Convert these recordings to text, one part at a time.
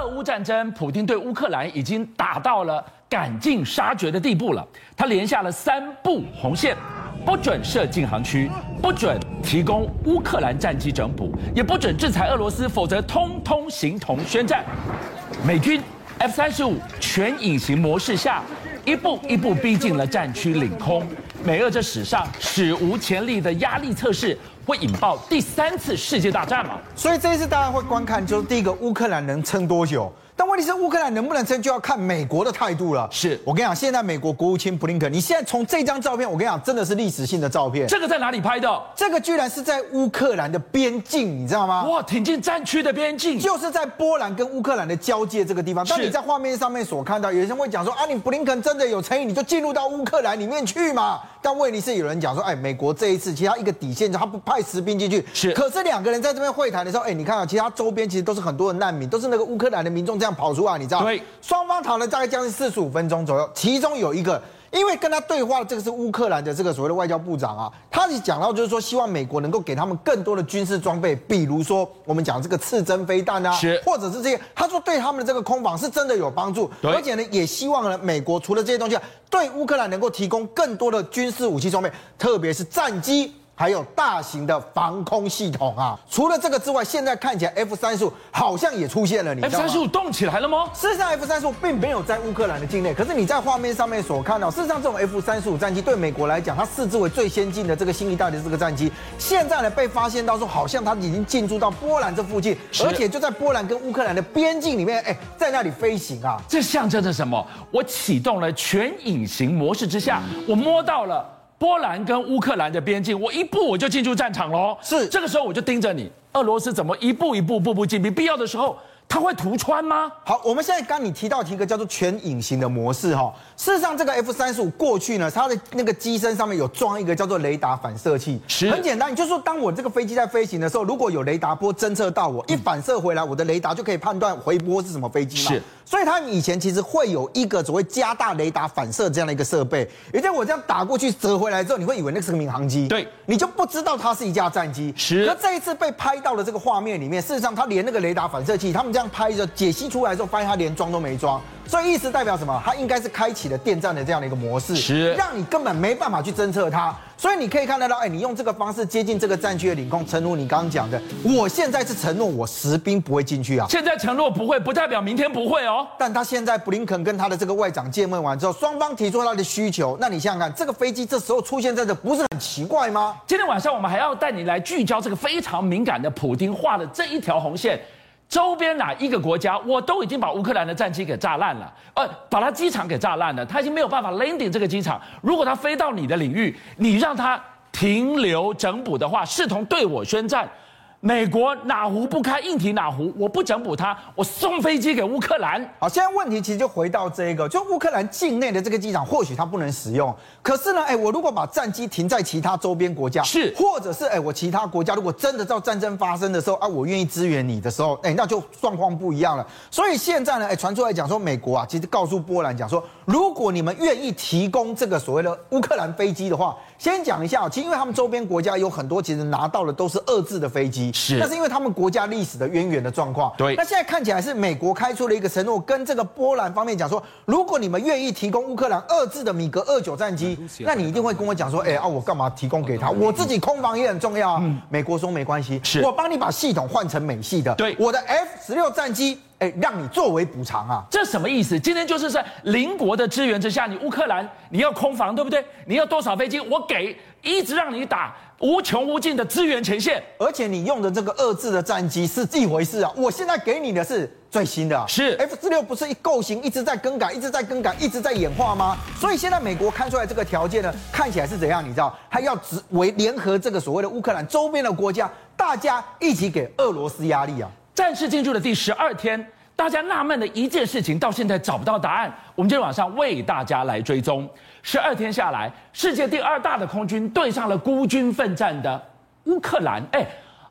俄烏戰爭，普丁對烏克蘭已經打到了趕盡殺絕的地步了。他連下了三步紅線：不准設禁航區，不准提供烏克蘭戰機整補，也不准制裁俄羅斯，否則通通形同宣戰。美軍 F 三十五全隱形模式下，一步一步逼近了戰區領空。美俄這史上史無前例的壓力測試，會引爆第三次世界大戰嗎？所以這一次大家會觀看，就是第一個，烏克蘭能撐多久？但問題是烏克蘭能不能撐，就要看美國的態度了。是我跟你講，現在美國國務卿布林肯，你現在從這張照片，我跟你講，真的是歷史性的照片。這個在哪裡拍的？這個居然是在烏克蘭的邊境，你知道嗎？哇，挺進戰區的邊境，就是在波蘭跟烏克蘭的交界這個地方。當你在畫面上面所看到，有些人會講說啊，你布林肯真的有誠意，你就進入到烏克蘭裡面去嘛？但問題是有人講說，哎，美國這一次，其實他一個底線，就他不派士兵進去。是。可是兩個人在這邊會談的時候，哎，你看啊，其他周邊其實都是很多的難民，都是那個烏克蘭的民眾這樣。跑出來，你知道？對，雙方討論大概將近四十五分鐘左右，其中有一個，因為跟他對話的這個是烏克蘭的這個所謂的外交部長啊，他是講到就是說，希望美國能夠給他們更多的軍事裝備，比如說我們講這個刺針飛彈啊，或者是這些，他說對他們的這個空防是真的有幫助，而且呢，也希望呢美國除了這些東西啊，對烏克蘭能夠提供更多的軍事武器裝備，特別是戰機。還有大型的防空系統啊！除了這個之外，現在看起來 F 三十五，好像也出現了。你 F 三十五動起來了嗎？事實上，F 三十五並沒有在烏克蘭的境內。可是你在畫面上面所看到，事實上這種 F 三十五戰機對美國來講，它視之為最先進的這個新一代的這個戰機。現在呢被發現到說好像它已經進駐到波蘭這附近，而且就在波蘭跟烏克蘭的邊境裡面，哎，在那裡飛行啊！這象徵着什麼？我啟動了全隱形模式之下，我摸到了。波蘭跟烏克蘭的邊境，我一步我就進入戰場嘍。是，這個時候我就盯着你，俄羅斯怎麼一步一步步步進逼？必要的時候他會突穿嗎？好，我們現在剛你提到提個叫做全隱形的模式哈。事實上，這個 F 三十五過去呢，它的那個機身上面有裝一個叫做雷達反射器。是。很簡單，就是說，當我這個飛機在飛行的時候，如果有雷達波偵測到我，一反射回來，我的雷達就可以判斷回波是什麼飛機嗎？是。所以它以前其實會有一個所謂加大雷達反射這樣的一個設備，也就我這樣打過去折回來之後，你會以為那是個民航機，對，你就不知道它是一架戰機。是。可這一次被拍到了這個畫面裡面，事實上它連那個雷達反射器，他們這樣拍着解析出來之後，發現它連裝都沒裝。所以意思代表什麼？它應該是開啟了電站的這樣的一個模式，是讓你根本沒辦法去偵測它。所以你可以看得到，哎、欸，你用這個方式接近這個戰區的領空，誠如你剛剛講的，我現在是承諾我實兵不會進去啊。現在承諾不會，不代表明天不會哦。但他現在布林肯跟他的這個外長見面完之後，雙方提出他的需求，那你想想看，這個飛機這時候出現在這，不是很奇怪嗎？今天晚上我們還要帶你來聚焦這個非常敏感的普丁畫的這一條紅線。周邊哪一個國家，我都已經把烏克蘭的戰機給炸爛了，呃，把他機場給炸爛了，他已經沒有辦法 landing 這個機場。如果他飛到你的領域，你讓他停留整補的話，視同對我宣戰。美國哪壺不開硬提哪壺，我不整補他，我送飛機給烏克蘭。好，現在問題其實就回到這個，就烏克蘭境內的這個機場，或許它不能使用。可是呢，哎，我如果把戰機停在其他周邊國家，是，或者是哎、欸，我其他國家如果真的到戰爭發生的時候啊，我願意支援你的時候，哎，那就狀況不一樣了。所以現在呢，哎，傳出來講說美國啊，其實告訴波蘭講說，如果你們願意提供這個所謂的烏克蘭飛機的話，先講一下，其實因為他們周邊國家有很多其實拿到的都是俄製的飛機。是，那是因為他們國家歷史的淵源的狀況。對，那現在看起來是美國開出了一個承諾，跟這個波蘭方面講說，如果你們願意提供烏克蘭二制的米格二九戰機，那你一定會跟我講說、欸，哎啊，我幹嘛提供給他？我自己空防也很重要啊。美國說沒關係，我幫你把系統換成美系的。對，我的 F 十六戰機，哎，讓你作為補償啊。這什麼意思？今天就是在鄰國的支援之下，你烏克蘭你要空防對不對？你要多少飛機，我給。一直讓你打無窮無盡的支援前線，而且你用的這個遏制的戰機是一回事啊！我現在給你的是最新的、啊，是 F 十六不是一構型一直在更改，一直在更改，一直在演化嗎？所以現在美國看出來這個條件呢，看起來是怎樣？你知道還要只為聯合這個所謂的烏克蘭周邊的國家，大家一起給俄羅斯壓力啊！戰事進入的第十二天。大家納悶的一件事情，到現在找不到答案。我們今天晚上為大家來追蹤。十二天下來，世界第二大的空軍對上了孤軍奮戰的烏克蘭。哎，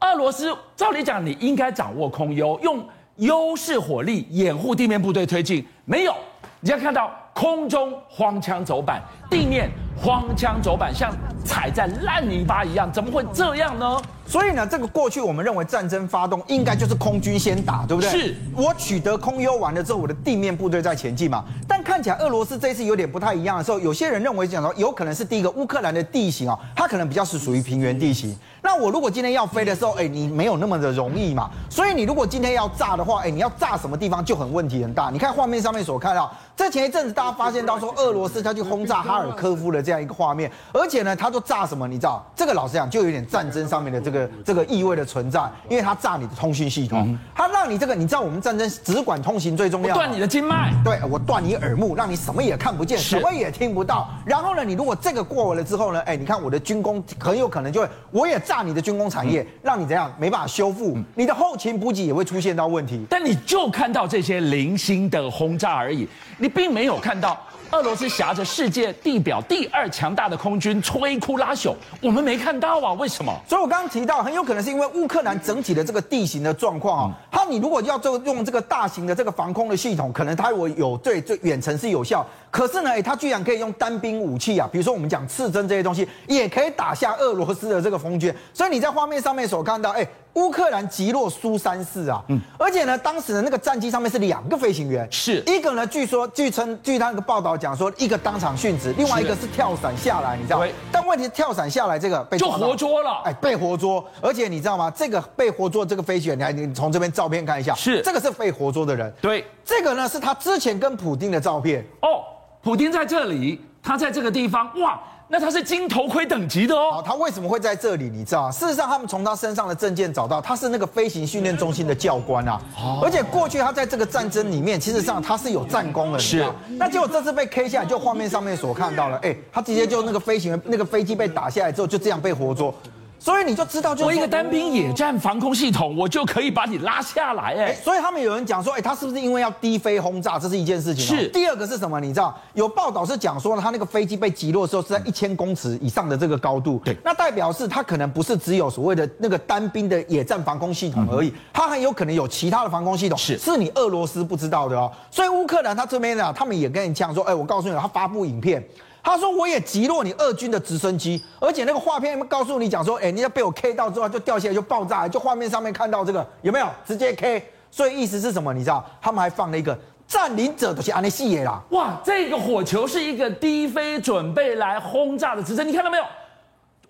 俄羅斯照理講，你應該掌握空優，用優勢火力掩護地面部隊推進，沒有。你要看到空中荒腔走板，地面荒腔走板，像踩在爛泥巴一樣，怎麼會這樣呢？所以呢，這個過去我們認為戰爭發動應該就是空軍先打，對不對？是我取得空優完了之後，我的地面部隊再前進嘛。但看起來俄羅斯這一次有點不太一樣的時候，有些人認為講說有可能是第一個烏克蘭的地形啊，它可能比較是屬於平原地形。那我如果今天要飛的時候，哎，你沒有那麼的容易嘛。所以你如果今天要炸的話，哎，你要炸什麼地方就很問題很大。你看畫面上面所看到，這前一陣子大家發現到說俄羅斯它去轟炸哈爾科夫的這樣一個畫面，而且呢，它都炸什麼，你知道，這個老實講就有點戰爭上面的這個。這個意味的存在，因為它炸你的通訊系統，它讓你這個，你知道我們戰爭只管通行最重要，斷你的經脈，對，我斷你耳目，讓你什麼也看不見，什麼也聽不到。然後呢，你如果這個過完了之後呢，哎，你看我的軍工很有可能就會，我也炸你的軍工產業，讓你怎樣沒辦法修復，你的後勤補給也會出現到問題。但你就看到這些零星的轟炸而已，你並沒有看到。俄羅斯挾着世界地表第二強大的空軍摧枯拉朽，我們沒看到啊？為什麼？所以我剛剛提到，很有可能是因為烏克蘭整體的這個地形的狀況啊，他你如果要做用這個大型的這個防空的系統，可能它有有最最遠程是有效。可是呢、欸，他居然可以用單兵武器啊，比如說我們講刺針這些東西，也可以打下俄羅斯的這個空軍。所以你在畫面上面所看到，哎，烏克蘭擊落蘇三四啊，嗯，而且呢，當時的那個戰機上面是兩個飛行員，是一個呢，據說據稱據,據他那個報道講說，一個當場殉職，另外一個是跳傘下來，你知道嗎？對。但問題是跳傘下來這個被就活捉了，哎，被活捉，而且你知道嗎？這個被活捉這個飛行員，你從這邊照片看一下，是這個是被活捉的人，對，這個呢是他之前跟普丁的照片，哦。普丁在這裡，他在這個地方，哇，那他是金頭盔等級的哦。好，他為什麼會在這裡？你知道事實上，他們從他身上的證件找到，他是那個飛行訓練中心的教官啊。而且過去他在這個戰爭裡面，其實上他是有戰功的。是。那結果這次被 K 下來，就畫面上面所看到了，哎，他直接就那個飛行那個飛機被打下來之後，就這樣被活捉。所以你就知道就是，我一個單兵野戰防空系統，我就可以把你拉下來誒、欸欸，所以他們有人講說，誒、欸，他是不是因為要低飛轟炸？這是一件事情、喔。是，第二個是什麼？你知道，有報道是講說，他那個飛機被擊落的時候是在一千公尺以上的這個高度。對，那代表是他可能不是只有所謂的那個單兵的野戰防空系統而已，嗯、他很有可能有其他的防空系統。是，是你俄羅斯不知道的哦、喔。所以烏克蘭他這邊呢，他們也跟你講說，誒、欸，我告訴你，他發布影片。他說：“我也擊落你俄軍的直升機，而且那個畫片告訴你講說，哎、欸，你要被我 K 到之後就掉下來就爆炸，就畫面上面看到這個有沒有？直接 K。所以意思是什麼？你知道？他們還放了一個占領者就是這樣死的啦。哇，這個火球是一個低飛準備來轟炸的直升，你看到沒有？”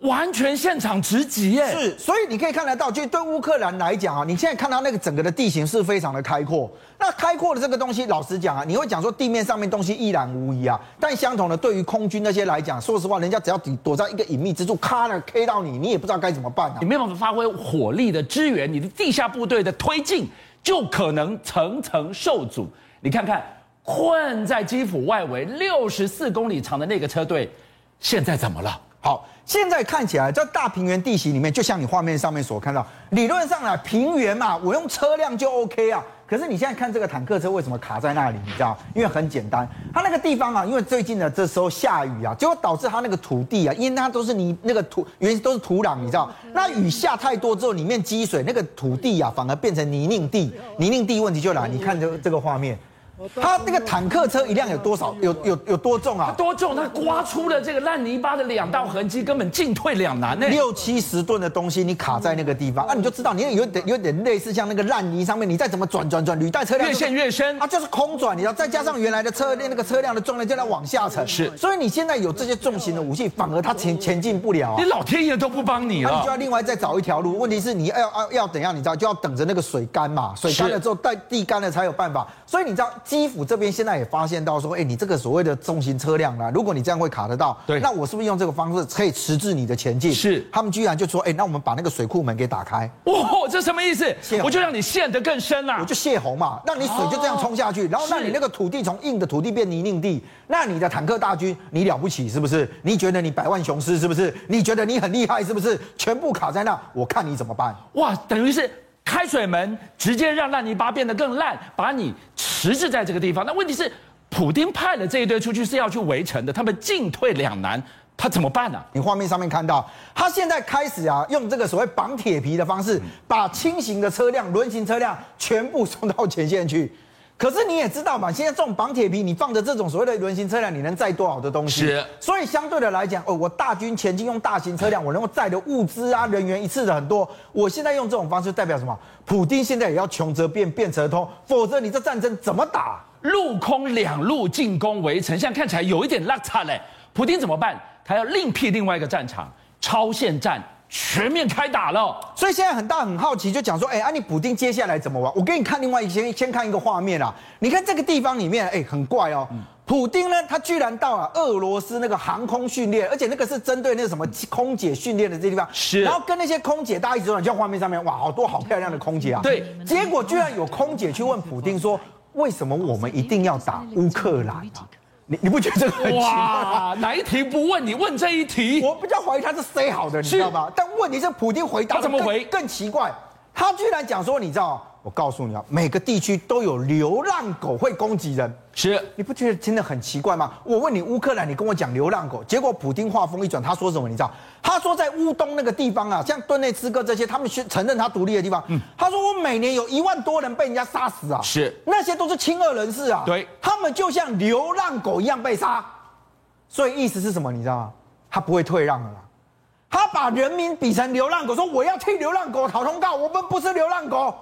完全現場直擊耶！是，所以你可以看得到，就對烏克蘭來講啊，你現在看到那個整個的地形是非常的開闊。那開闊的這個東西，老實講啊，你會講說地面上面東西一覽無遺啊。但相同的，對於空軍那些來講，說實話，人家只要躲躲在一個隱秘之處，卡了 K 到你，你也不知道該怎麼辦啊。你沒辦法發揮火力的支援，你的地下部隊的推進就可能層層受阻。你看看，困在基輔外圍六十四公里長的那個車隊，現在怎麼了？好，現在看起來在大平原地形裡面，就像你畫面上面所看到，理論上平原嘛，我用車輛就 OK 啊。可是你現在看這個坦克車為什麼卡在那裡？你知道？因為很簡單，它那個地方啊，因為最近的這時候下雨啊，結果導致它那個土地啊，因為它都是泥，那個土，原來都是土壤，你知道？那雨下太多之後，裡面積水，那個土地啊，反而變成泥濘地。泥濘地問題就來，你看這這個畫面。他那個坦克車一輛有多少？有有有多重啊？多重？它刮出了這個爛泥巴的兩道痕跡，根本進退兩難呢。六七十噸的東西，你卡在那個地方啊，那你就知道，你有點有點類似像那個爛泥上面，你再怎麼轉轉轉，履帶車輛越陷越深啊，就是空轉。你要再加上原來的車那個車輛的重量，就在往下沉。是，所以你現在有這些重型的武器，反而它前前進不了。你老天爺都不幫你了啊，你就要另外再找一條路。問題是你要要要怎樣？你知道，就要等着那個水乾嘛？水乾了之後，待地乾了才有辦法。所以你知道。基輔這邊現在也發現到說，哎，你這個所謂的重型車輛呢，如果你這樣會卡得到，對，那我是不是用這個方式可以遲滯你的前進？是，他們居然就說，哎，那我們把那個水庫門給打開，哇，這什麼意思？我就讓你陷得更深吶、啊，我就洩洪嘛，讓你水就這樣衝下去，然後讓你那個土地從硬的土地變泥濘地，那你的坦克大軍，你了不起是不是？你覺得你百萬雄師是不是？你覺得你很厲害是不是？全部卡在那，我看你怎麼辦？哇，等於是。開水門，直接讓爛泥巴變得更爛，把你遲滯在這個地方。那問題是，普丁派了這一隊出去是要去圍城的，他們進退兩難，他怎麼辦呢、啊？你畫面上面看到，他現在開始啊，用這個所謂綁鐵皮的方式，把輕型的車輛、輪型車輛全部送到前線去。可是你也知道嘛，現在這種綁鐵皮，你放着這種所謂的輪型車輛，你能載多少的東西？是，所以相對的來講，哦，我大軍前進用大型車輛，我能夠載的物資啊、人員一次的很多。我現在用這種方式，代表什麼？普丁現在也要窮則變，變則通，否則你這戰爭怎麼打？陸空兩路進攻圍城，現在看起來有一點落差嘞。普丁怎麼辦？他要另闢另外一個戰場，超限戰。全面開打了，所以現在很大很好奇，就講說，哎啊，你普丁接下來怎麼玩？我給你看另外一些，先看一個畫面啊，你看這個地方裡面，哎，很怪哦、喔。普丁呢，他居然到了俄羅斯那個航空訓練，而且那個是針對那個什麼空姐訓練的這地方，是。然後跟那些空姐大家一直說你看畫面上面，哇，好多好漂亮的空姐啊。對，結果居然有空姐去問普丁說，為什麼我們一定要打烏克蘭啊？你你不覺得這個很奇怪嗎？哪一題不問你，問這一題，我比較懷疑他是塞好的，你知道嗎？但問題是，普丁回答他怎麼回？更奇怪，他居然講說，你知道。我告訴你啊，每個地區都有流浪狗會攻擊人。是，你不覺得真的很奇怪嗎？我問你，烏克蘭，你跟我講流浪狗，結果普丁話鋒一轉，他說什麼？你知道？他說在烏東那個地方啊，像頓內茨克這些他們承認他獨立的地方，嗯，他說我每年有一萬多人被人家殺死啊，是，那些都是親俄人士啊，對，他們就像流浪狗一樣被殺，所以意思是什麼？你知道嗎？他不會退讓的嘛。他把人民比成流浪狗，說我要替流浪狗討公道，我們不是流浪狗。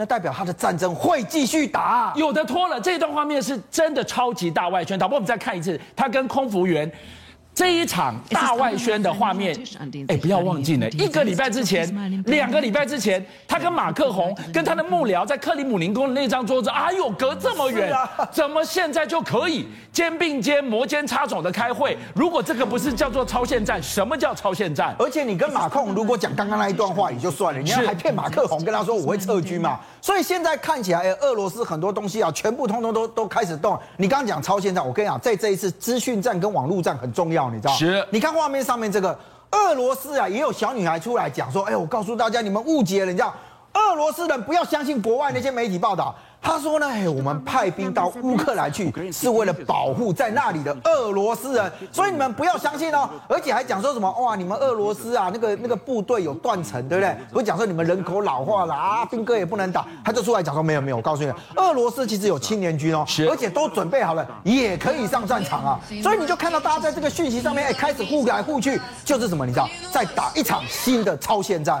那代表他的戰爭會繼續打，有的拖了。這段畫面是真的超級大外圈，導播我們再看一次，他跟空服員。這一場大外宣的畫面，哎，不要忘記了，一個禮拜之前，兩個禮拜之前，他跟馬克宏跟他的幕僚在克里姆林宮的那張桌子，哎呦，隔這麼遠，怎麼現在就可以肩並肩、摩肩擦踵的開會？如果這個不是叫做超限戰，什麼叫超限戰？而且你跟馬克宏如果講剛剛那一段話也就算了，你要還騙馬克宏，跟他說我會撤軍嘛？所以現在看起來，哎，俄羅斯很多東西啊，全部通通都都開始動。你剛剛講超限戰，我跟你講，在這一次資訊戰跟網絡戰很重要，你知道？你看畫面上面這個，俄羅斯啊，也有小女孩出來講說，哎，我告訴大家，你們誤解了。你知道俄羅斯人不要相信國外那些媒體報道。他說呢，哎，我們派兵到烏克蘭去是為了保護在那裡的俄羅斯人，所以你們不要相信哦。而且還講說什麼，哇，你們俄羅斯啊，那個那個部隊有斷層，對不對？不講說你們人口老化了啊，兵哥也不能打。他就出來講說沒有沒有，我告訴你俄羅斯其實有青年軍哦，而且都準備好了，也可以上戰場啊。所以你就看到大家在這個訊息上面，哎，開始互來互去，就是什麼，你知道，在打一場新的超限戰。